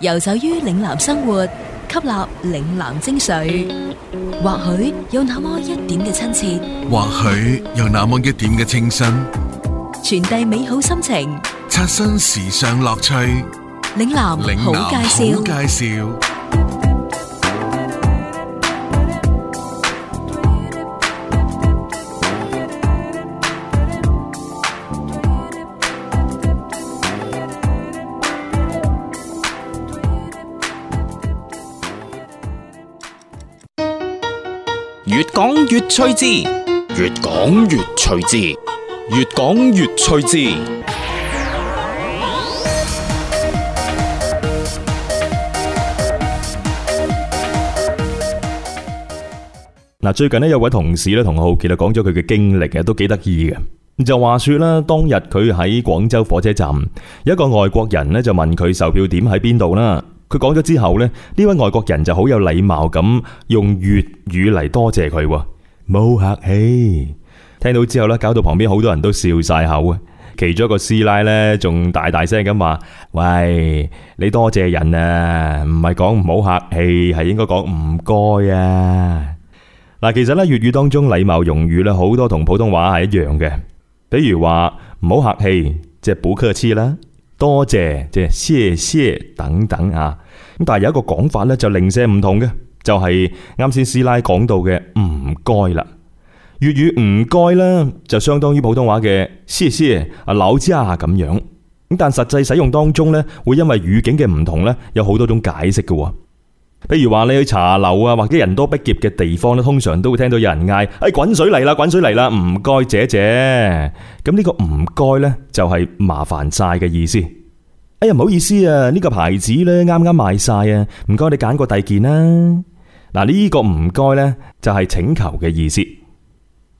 遊走於嶺南生活，吸納嶺南精髓，或許有那麼一點嘅親切，或許有那麼一點嘅清新，傳遞美好心情，刷新時尚樂趣。嶺南好介紹，好介紹。越趣致，越講越趣致，越講越趣致。嗱，最近咧有位同事咧同浩杰講咗佢嘅經歷嘅，都幾得意嘅。就話說啦，當日佢喺廣州火車站，有一個外國人咧就問佢售票點喺邊度啦。佢講咗之後咧，呢位外國人就好有禮貌咁用粵語嚟多謝佢。冇客氣，聽到之後咧，搞到旁邊好多人都笑晒口啊！其中一個師奶咧，仲大大聲咁話：喂，你多謝人啊，唔係講唔好客氣，係應該講唔該啊！嗱，其實咧粵語當中禮貌用語咧，好多同普通話係一樣嘅，比如話唔好客氣，即係不客氣啦，多謝，即係謝謝等等啊。咁但係有一個講法咧，就零舍唔同嘅。就係啱先師奶講到嘅唔該啦，粵語唔該啦，就相當於普通話嘅謝謝啊勞駕啊咁樣。咁但實際使用當中咧，會因為語境嘅唔同咧，有好多種解釋嘅。譬如話你去茶樓啊，或者人多逼夾嘅地方咧，通常都會聽到有人嗌：，哎滾水嚟啦，滾水嚟啦，唔該姐姐。咁呢個唔該咧，就係麻煩晒嘅意思。哎呀唔好意思啊，呢個牌子咧，啱啱賣晒啊，唔該你揀個第二件啦。嗱，呢個唔該呢，就係請求嘅意思。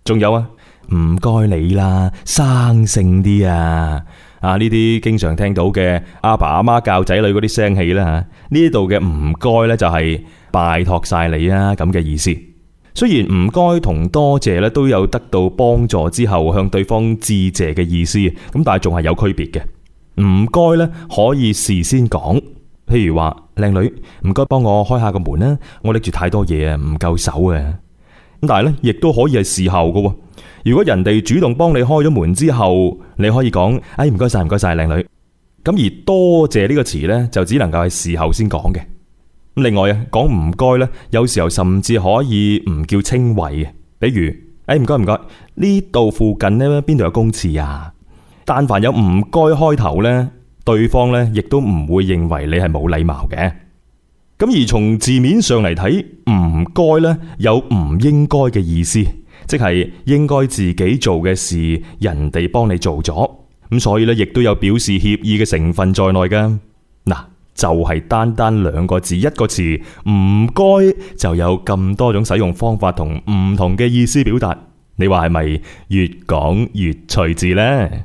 仲有啊，唔該你啦，生性啲啊，啊呢啲經常聽到嘅阿爸阿媽教仔女嗰啲聲氣啦。呢度嘅唔該呢，就係拜託晒你啊咁嘅意思。雖然唔該同多謝呢，都有得到幫助之後向對方致謝嘅意思，咁但係仲係有區別嘅。唔該呢，可以事先講。譬如話，靚女，唔該幫我開下個門啦，我拎住太多嘢啊，唔夠手啊。咁但係咧，亦都可以係事後嘅。如果人哋主動幫你開咗門之後，你可以講，哎唔該晒，唔該晒，靚女。咁而多謝呢個詞呢，就只能夠係事後先講嘅。另外啊，講唔該呢，有時候甚至可以唔叫稱謂嘅。比如，哎唔該唔該，呢度附近呢邊度有公廁啊？但凡有唔該開頭呢。對方咧，亦都唔會認為你係冇禮貌嘅，咁而從字面上嚟睇，唔該咧有唔應該嘅意思，即係應該自己做嘅事，人哋幫你做咗，咁所以咧亦都有表示歉意嘅成分在內㗎。嗱，就係單單兩個字一個詞，唔該就有咁多種使用方法同唔同嘅意思表達。你話係咪越講越趣致咧？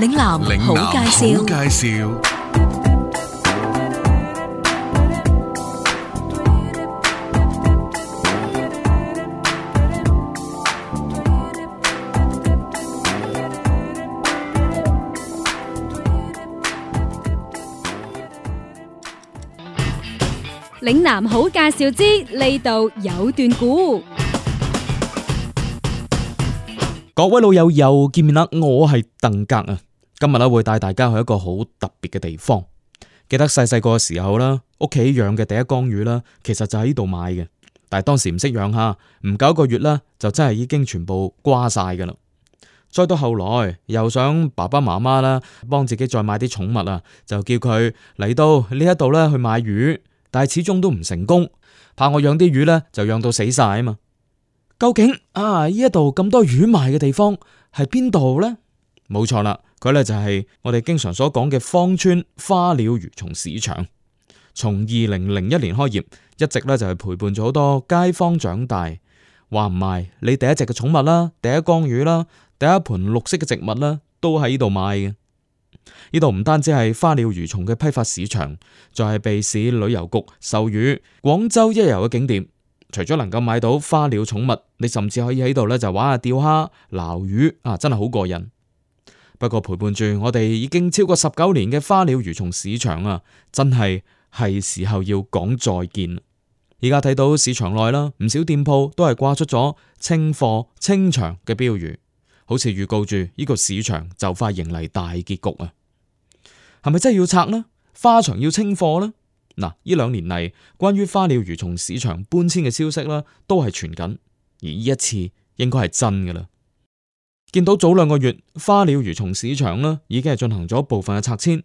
嶺南好介紹，嶺南好介紹。嶺南好介紹之呢度有段古，各位老友又見面啦！我係鄧格啊。今日咧會帶大家去一個好特別嘅地方。記得細細個嘅時候啦，屋企養嘅第一缸魚啦，其實就喺度買嘅。但係當時唔識養下唔夠一個月啦，就真係已經全部瓜晒㗎啦。再到後來又想爸爸媽媽啦，幫自己再買啲寵物啊，就叫佢嚟到呢一度咧去買魚，但係始終都唔成功，怕我養啲魚咧就養到死晒啊嘛。究竟啊呢一度咁多魚賣嘅地方係邊度呢？冇錯啦。佢咧就係我哋經常所講嘅芳村花鳥魚蟲市場，從二零零一年開業，一直咧就係陪伴咗好多街坊長大。話唔埋你第一隻嘅寵物啦，第一缸魚啦，第一盆綠色嘅植物啦，都喺呢度買嘅。呢度唔單止係花鳥魚蟲嘅批發市場，仲係被市旅遊局授予廣州一日遊嘅景點。除咗能夠買到花鳥寵物，你甚至可以喺度咧就玩下釣蝦、撈魚啊，真係好過癮。不過陪伴住我哋已經超過十九年嘅花鳥魚蟲市場啊，真係係時候要講再見。而家睇到市場內啦，唔少店鋪都係掛出咗清貨、清場嘅標語，好似預告住呢個市場就快迎嚟大結局啊！係咪真係要拆呢？花場要清貨呢？嗱，呢兩年嚟關於花鳥魚蟲市場搬遷嘅消息啦，都係傳緊，而呢一次應該係真噶啦。見到早兩個月花鳥魚蟲市場呢，已經係進行咗部分嘅拆遷，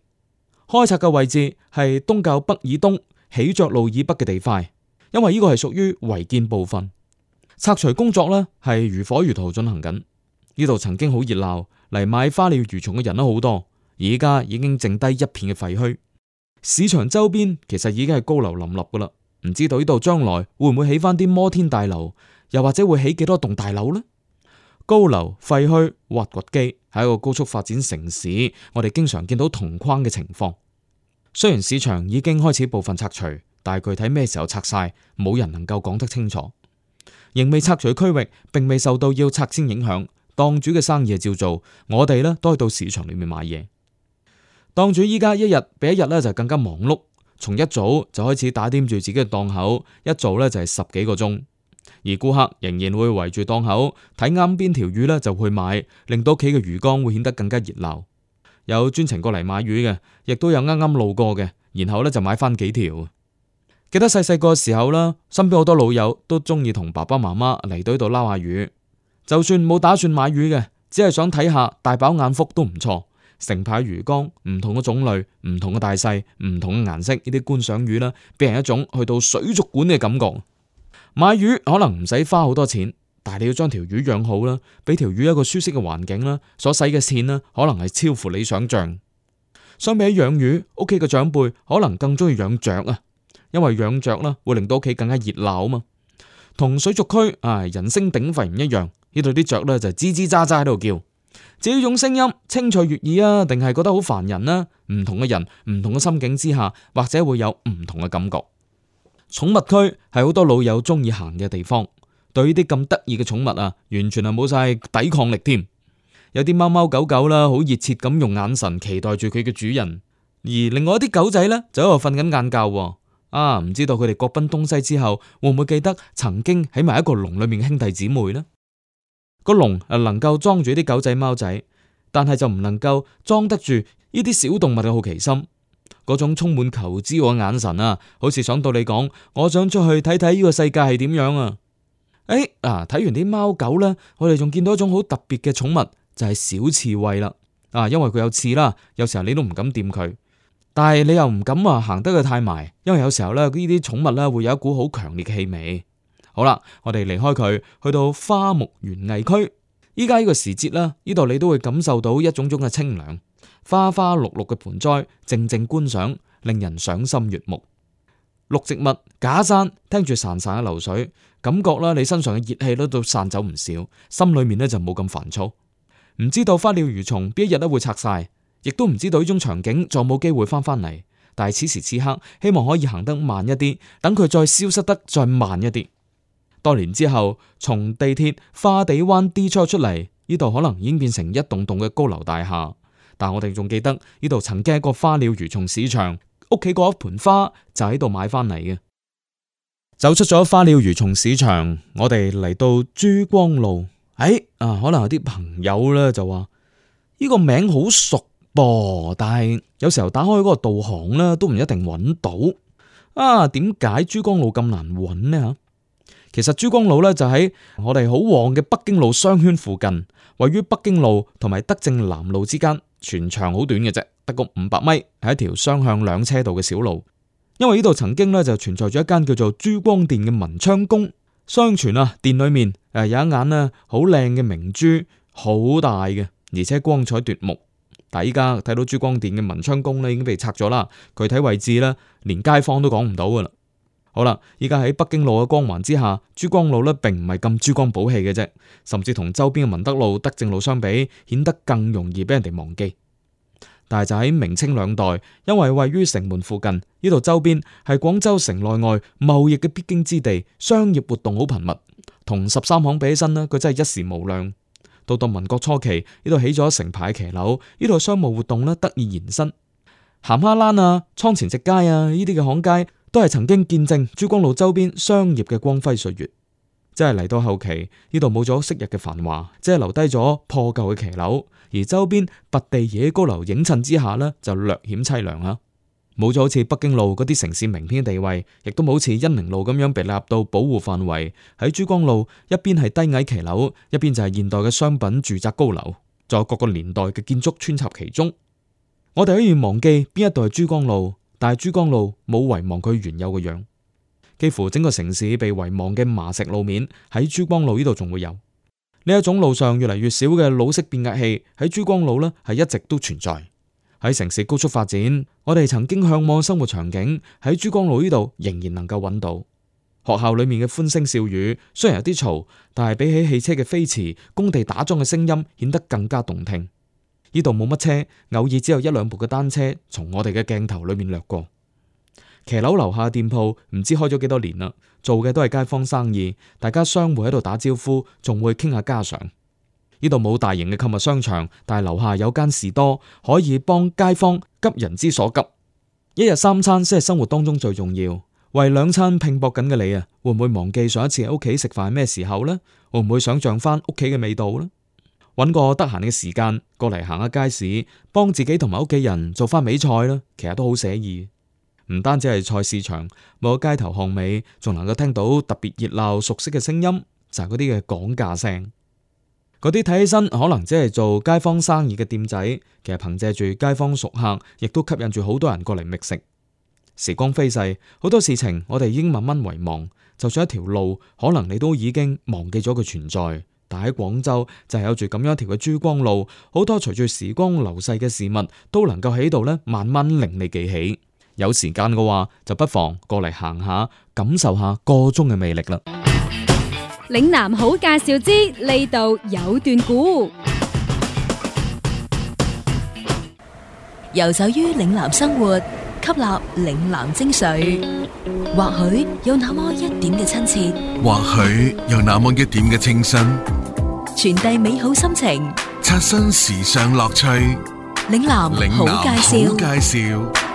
開拆嘅位置係東較北以東、起着路以北嘅地塊，因為呢個係屬於違建部分，拆除工作呢係如火如荼進行緊。呢度曾經好熱鬧，嚟買花鳥魚蟲嘅人都好多，而家已經剩低一片嘅廢墟。市場周邊其實已經係高樓林立噶啦，唔知道呢度將來會唔會起翻啲摩天大樓，又或者會起幾多棟大樓呢？高樓廢墟、挖掘機係一個高速發展城市，我哋經常見到同框嘅情況。雖然市場已經開始部分拆除，但係具體咩時候拆晒，冇人能夠講得清楚。仍未拆除區域，並未受到要拆遷影響，檔主嘅生意照做。我哋呢都係到市場裏面買嘢。檔主依家一日比一日呢就更加忙碌，從一早就開始打掂住自己嘅檔口，一做呢就係十幾個鐘。而顧客仍然會圍住檔口睇啱邊條魚呢就去買，令到屋企嘅魚缸會顯得更加熱鬧。有專程過嚟買魚嘅，亦都有啱啱路過嘅，然後呢就買翻幾條。記得細細個嘅時候啦，身邊好多老友都鍾意同爸爸媽媽嚟到呢度撈下魚，就算冇打算買魚嘅，只係想睇下大飽眼福都唔錯。成排魚缸，唔同嘅種類，唔同嘅大細，唔同嘅顏色，呢啲觀賞魚呢，俾人一種去到水族館嘅感覺。買魚可能唔使花好多錢，但係你要將條魚養好啦，俾條魚一個舒適嘅環境啦，所使嘅錢呢，可能係超乎你想象相比起養魚，屋企嘅長輩可能更中意養雀啊，因為養雀啦會令到屋企更加熱鬧啊嘛。同水族區啊人聲鼎沸唔一樣，呢度啲雀咧就吱吱喳喳喺度叫。至於種聲音清脆悅耳啊，定係覺得好煩人呢？唔同嘅人，唔同嘅心境之下，或者會有唔同嘅感覺。寵物區係好多老友鍾意行嘅地方，對呢啲咁得意嘅寵物啊，完全係冇晒抵抗力添。有啲貓貓狗狗啦，好熱切咁用眼神期待住佢嘅主人，而另外一啲狗仔咧就喺度瞓緊晏覺。啊，唔知道佢哋各奔東西之後，會唔會記得曾經喺埋一個籠裏面嘅兄弟姊妹呢？那個籠誒能夠裝住啲狗仔貓仔，但係就唔能夠裝得住呢啲小動物嘅好奇心。嗰種充滿求知嘅眼神啊，好似想對你講，我想出去睇睇呢個世界係點樣啊！誒，嗱、啊，睇完啲貓狗呢，我哋仲見到一種好特別嘅寵物，就係、是、小刺猬啦。啊，因為佢有刺啦，有時候你都唔敢掂佢，但係你又唔敢話行得佢太埋，因為有時候呢，呢啲寵物呢會有一股好強烈嘅氣味。好啦，我哋離開佢，去到花木園藝區。依家呢個時節啦，呢度你都會感受到一種種嘅清涼。花花綠綠嘅盆栽，靜靜觀賞，令人賞心悅目。綠植物、假山，聽住潺潺嘅流水，感覺啦，你身上嘅熱氣都都散走唔少，心裏面咧就冇咁煩躁。唔知道花鳥魚蟲邊一日都會拆晒，亦都唔知道呢種場景再冇機會翻返嚟。但係此時此刻，希望可以行得慢一啲，等佢再消失得再慢一啲。多年之後，從地鐵花地灣 D 出出嚟，呢度可能已經變成一棟棟嘅高樓大廈。但我哋仲記得呢度曾經係一個花鳥魚蟲市場，屋企嗰一盆花就喺度買翻嚟嘅。走出咗花鳥魚蟲市場，我哋嚟到珠江路。誒、哎，啊，可能有啲朋友咧就話呢、呢個名好熟噃，但係有時候打開嗰個導航咧都唔一定搵到。啊，點解珠江路咁難搵呢？吓？其實珠光路咧就喺我哋好旺嘅北京路商圈附近，位於北京路同埋德政南路之間，全長好短嘅啫，得個五百米，係一條雙向兩車道嘅小路。因為呢度曾經咧就存在咗一間叫做珠光店嘅文昌宮，相傳啊，店裏面誒有一眼呢，好靚嘅明珠，好大嘅，而且光彩奪目。但依家睇到珠光店嘅文昌宮咧，已經被拆咗啦。具體位置咧，連街坊都講唔到噶啦。好啦，依家喺北京路嘅光環之下，珠光路咧並唔係咁珠光寶氣嘅啫，甚至同周邊嘅文德路、德政路相比，顯得更容易俾人哋忘記。但係就喺明清兩代，因為位於城門附近，呢度周邊係廣州城內外貿易嘅必經之地，商業活動好頻密。同十三行比起身呢，佢真係一時無兩。到到民國初期，呢度起咗成排騎樓，呢度商務活動呢得以延伸，咸蝦欄啊、倉前直街啊呢啲嘅巷街，都係曾經見證珠江路周邊商業嘅光輝歲月，即係嚟到後期呢度冇咗昔日嘅繁華，即係留低咗破舊嘅騎樓，而周邊拔地野高樓映襯之下呢，就略顯淒涼啊！冇咗好似北京路嗰啲城市名片嘅地位，亦都冇似恩寧路咁樣被納入到保護範圍。喺珠江路一邊係低矮騎樓，一邊就係現代嘅商品住宅高樓，仲有各個年代嘅建築穿插其中。我哋可以忘記邊一度係珠江路。但係珠江路冇遺忘佢原有嘅樣，幾乎整個城市被遺忘嘅麻石路面喺珠江路呢度仲會有。呢一種路上越嚟越少嘅老式變壓器喺珠江路呢係一直都存在。喺城市高速發展，我哋曾經向往生活場景喺珠江路呢度仍然能夠揾到。學校裏面嘅歡聲笑語，雖然有啲嘈，但係比起汽車嘅飛馳、工地打樁嘅聲音，顯得更加動聽。呢度冇乜車，偶爾只有一兩部嘅單車從我哋嘅鏡頭裏面掠過。騎樓樓下店鋪唔知開咗幾多年啦，做嘅都係街坊生意，大家相互喺度打招呼，仲會傾下家常。呢度冇大型嘅購物商場，但係樓下有間士多，可以幫街坊急人之所急。一日三餐先係生活當中最重要，為兩餐拼搏緊嘅你啊，會唔會忘記上一次喺屋企食飯係咩時候呢？會唔會想象翻屋企嘅味道呢？揾個得閒嘅時間過嚟行下街市，幫自己同埋屋企人做翻美菜啦，其實都好寫意。唔單止係菜市場，摸街頭巷尾，仲能夠聽到特別熱鬧熟悉嘅聲音，就係嗰啲嘅講價聲。嗰啲睇起身可能只係做街坊生意嘅店仔，其實憑借住街坊熟客，亦都吸引住好多人過嚟覓食。時光飛逝，好多事情我哋已經慢慢遺忘，就算一條路，可能你都已經忘記咗佢存在。但喺廣州就係有住咁樣一條嘅珠光路，好多隨住時光流逝嘅事物都能夠喺度咧慢慢令你記起。有時間嘅話，就不妨過嚟行下，感受下個中嘅魅力啦。嶺南好介紹之，呢度有段古，遊走於嶺南生活。吸納嶺南精髓，或許有那麼一點嘅親切，或許有那麼一點嘅清新，傳遞美好心情，刷新時尚樂趣。嶺南好介紹，嶺南好介紹。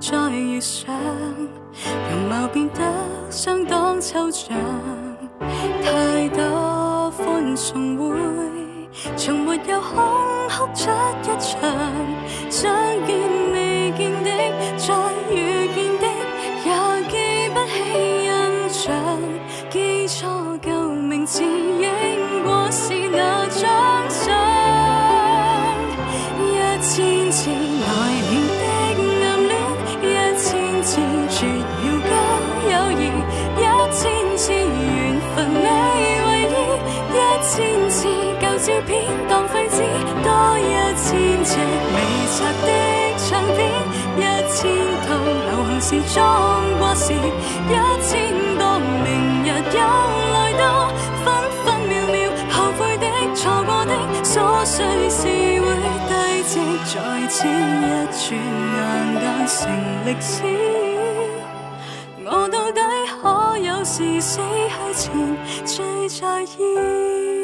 再遇上，容貌變得相當抽象，太多歡送會，從沒有空哭出一場，相見。照片當廢紙多一千張，未拆的唱片 一千套，流行時裝過時一千多，明日又來到，分分秒秒後悔的、錯過的，瑣碎事會低積，在此一轉眼間成歷史。我到底可有時死去前最在意？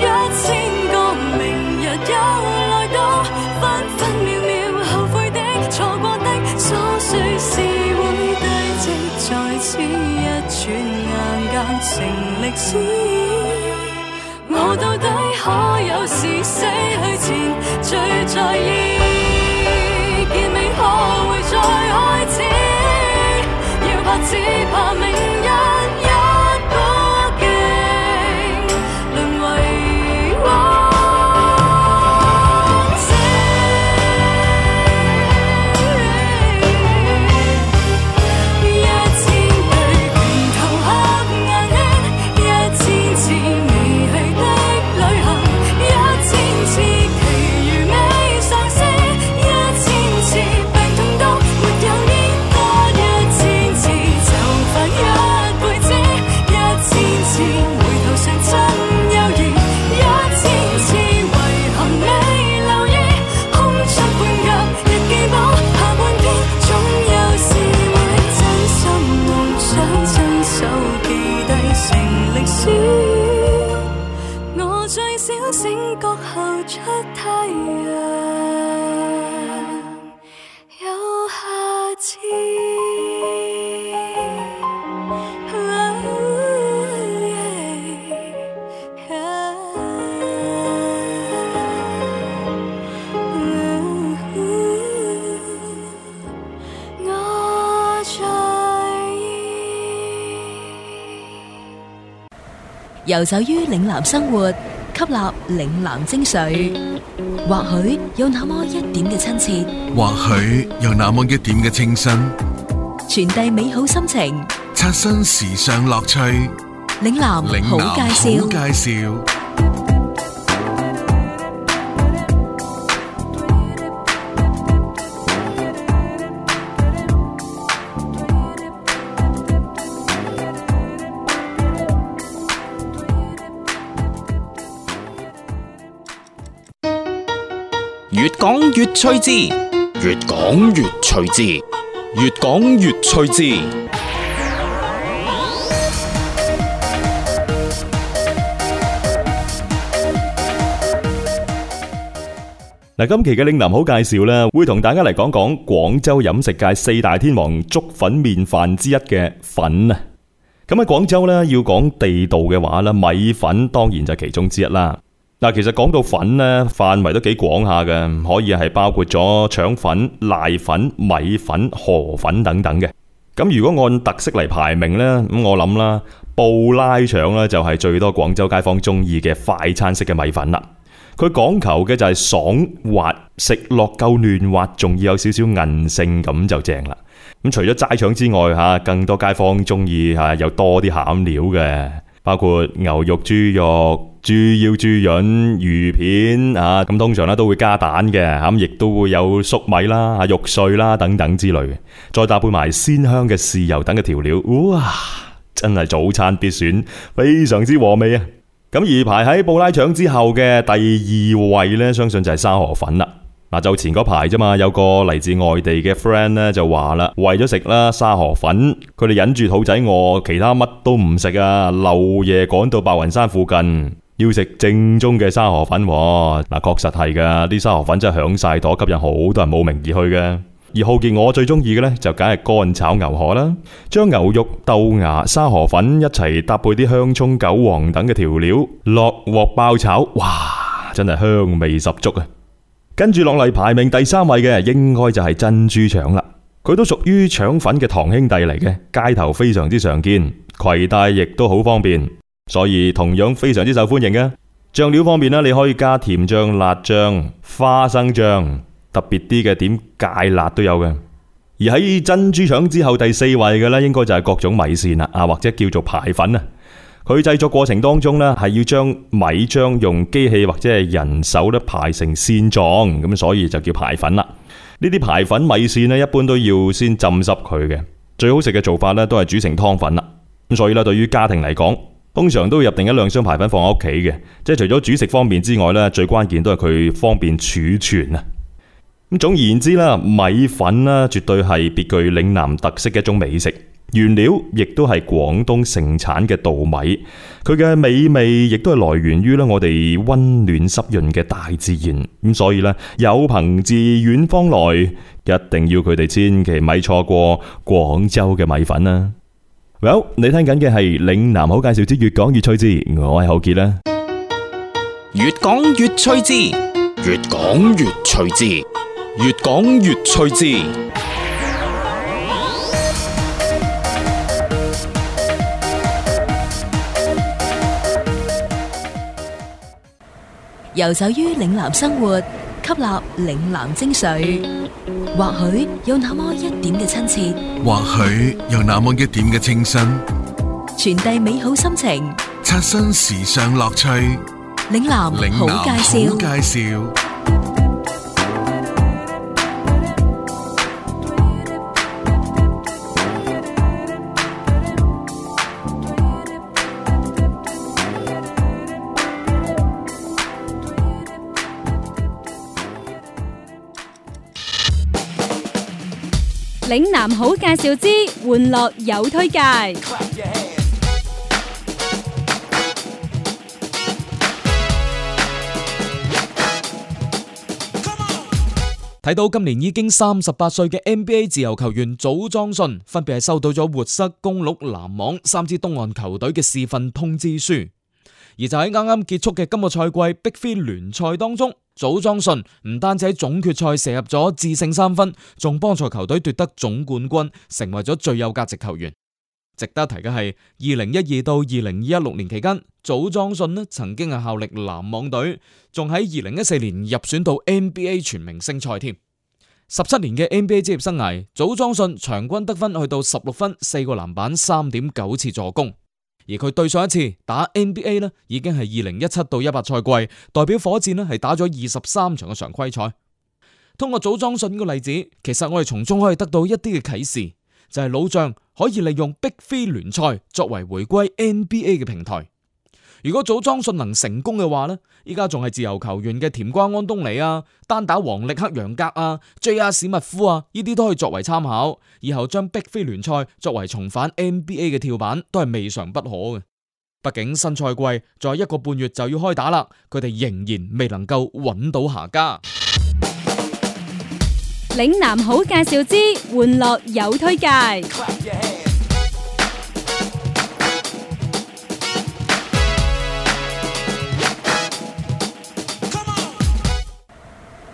成歷史，我到底可有事？死去前最在意，結尾可會再開始？要怕只怕未。遊走於嶺南生活，吸納嶺南精髓，或許有那麼一點嘅親切，或許有那麼一點嘅清新，傳遞美好心情，刷新時尚樂趣。嶺南好介紹。趣之，越講越趣之。越講越趣字。嗱，今期嘅嶺南好介紹啦，會同大家嚟講講廣州飲食界四大天王粥粉麵飯之一嘅粉啊。咁喺廣州呢，要講地道嘅話咧，米粉當然就其中之一啦。嗱，其實講到粉咧，範圍都幾廣下嘅，可以係包括咗腸粉、瀨粉、米粉、河粉等等嘅。咁如果按特色嚟排名呢，咁我諗啦，布拉腸呢就係最多廣州街坊中意嘅快餐式嘅米粉啦。佢講求嘅就係爽滑，食落夠嫩滑，仲要有少少韌性咁就正啦。咁除咗齋腸之外，嚇更多街坊中意嚇有多啲餡料嘅。包括牛肉、豬肉、豬腰、豬潤、魚片啊，咁通常咧都會加蛋嘅，咁亦都會有粟米啦、啊、肉碎啦等等之類，再搭配埋鮮香嘅豉油等嘅調料，哇！真係早餐必選，非常之和味啊！咁而排喺布拉腸之後嘅第二位咧，相信就係沙河粉啦。嗱、啊，就前嗰排啫嘛，有個嚟自外地嘅 friend 咧就話啦，為咗食啦沙河粉，佢哋忍住肚仔餓，其他乜都唔食啊，漏夜趕到白雲山附近，要食正宗嘅沙河粉，哦。嗱、啊，確實係噶，啲沙河粉真係響晒朵，吸引好多人慕名而去嘅。而浩健我最中意嘅呢，就梗係乾炒牛河啦，將牛肉、豆芽、沙河粉一齊搭配啲香蔥、韭黃等嘅調料落鑊爆炒，哇，真係香味十足啊！跟住落嚟，排名第三位嘅應該就係珍珠腸啦。佢都屬於腸粉嘅堂兄弟嚟嘅，街頭非常之常見，攜帶亦都好方便，所以同樣非常之受歡迎嘅。醬料方面呢，你可以加甜醬、辣醬、花生醬，特別啲嘅點芥辣都有嘅。而喺珍珠腸之後第四位嘅呢，應該就係各種米線啦，啊或者叫做排粉啊。佢製作過程當中呢，係要將米漿用機器或者係人手咧排成線狀，咁所以就叫排粉啦。呢啲排粉米線呢，一般都要先浸濕佢嘅，最好食嘅做法呢，都係煮成湯粉啦。咁所以呢，對於家庭嚟講，通常都會入定一兩箱排粉放喺屋企嘅，即係除咗煮食方面之外呢，最關鍵都係佢方便儲存啊。咁總而言之啦，米粉呢，絕對係別具嶺南特色嘅一種美食。原料亦都係廣東盛產嘅稻米，佢嘅美味亦都係來源於呢我哋溫暖濕潤嘅大自然。咁所以呢，有朋自遠方來，一定要佢哋千祈咪錯過廣州嘅米粉啊！好，你聽緊嘅係嶺南好介紹之越講越趣之，我係浩傑啦。越講越趣之，越講越趣之，越講越趣之。越遊走於嶺南生活，吸納嶺南精髓，或許有那麼一點嘅親切，或許有那麼一點嘅清新，傳遞美好心情，刷新時尚樂趣。嶺南好介紹。嶺南好介紹之，玩樂有推介。睇 到今年已經三十八歲嘅 NBA 自由球員祖莊信，分別係收到咗活塞、公鹿、籃網三支東岸球隊嘅試訓通知書。而就喺啱啱結束嘅今個賽季，BIG3 聯賽當中，祖莊信唔單止喺總決賽射入咗致勝三分，仲幫助球隊奪得總冠軍，成為咗最有價值球員。值得提嘅係，二零一二到二零一六年期間，祖莊信呢曾經係效力籃網隊，仲喺二零一四年入選到 NBA 全明星賽添。十七年嘅 NBA 職業生涯，祖莊信場均得分去到十六分，四個籃板，三點九次助攻。而佢對上一次打 NBA 咧，已經係二零一七到一八賽季，代表火箭呢係打咗二十三場嘅常規賽。通過祖莊遜個例子，其實我哋從中可以得到一啲嘅啟示，就係、是、老將可以利用 BIG3 聯賽作為回歸 NBA 嘅平台。如果組裝信能成功嘅話呢，依家仲係自由球員嘅甜瓜安東尼啊、單打王力克楊格啊、JR 史密夫啊，呢啲都可以作為參考。以後將逼飛聯賽作為重返 NBA 嘅跳板，都係未嘗不可嘅。畢竟新賽季再一個半月就要開打啦，佢哋仍然未能夠揾到下家。嶺南好介紹之，玩樂有推介。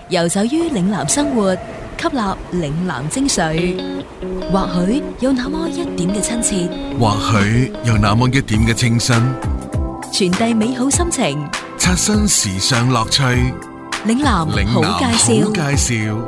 遊走於嶺南生活，吸納嶺南精髓，或許有那麼一點嘅親切，或許有那麼一點嘅清新，傳遞美好心情，刷新時尚樂趣。嶺南好介紹。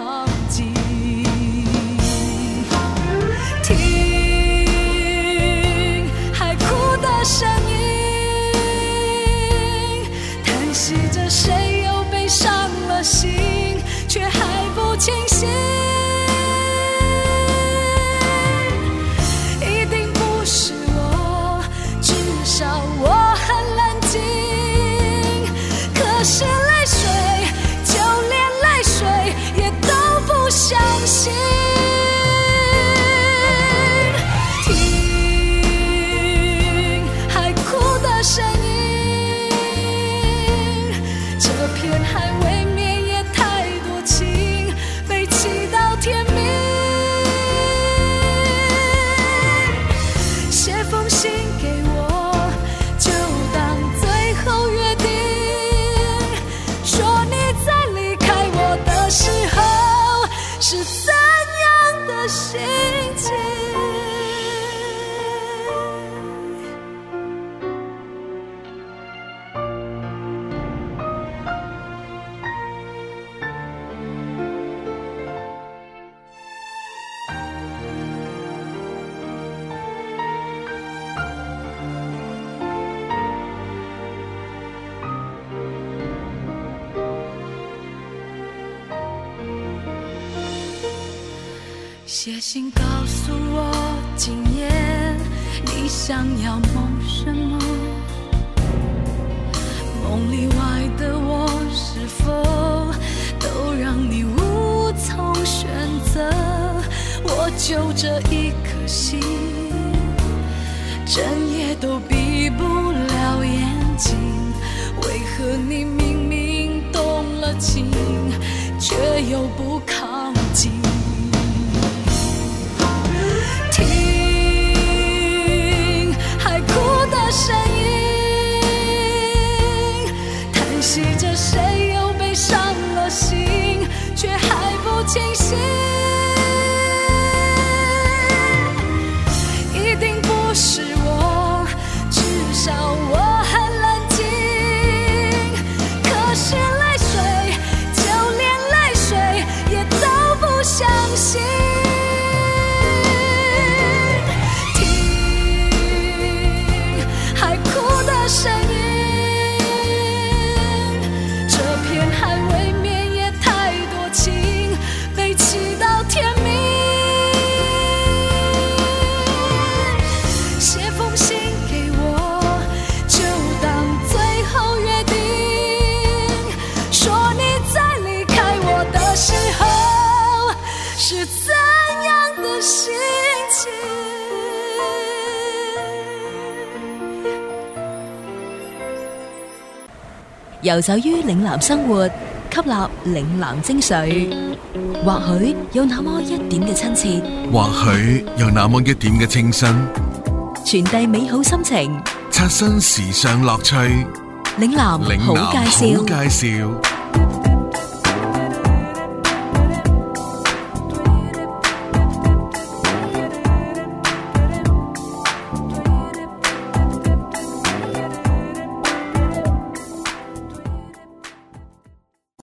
整夜都閉不了眼睛，為何你明明動了情，卻又不靠近？遊走於嶺南生活，吸納嶺南精髓，或許有那麼一點嘅親切，或許有那麼一點嘅清新，傳遞美好心情，刷新時尚樂趣。嶺南好介紹，嶺南好介紹。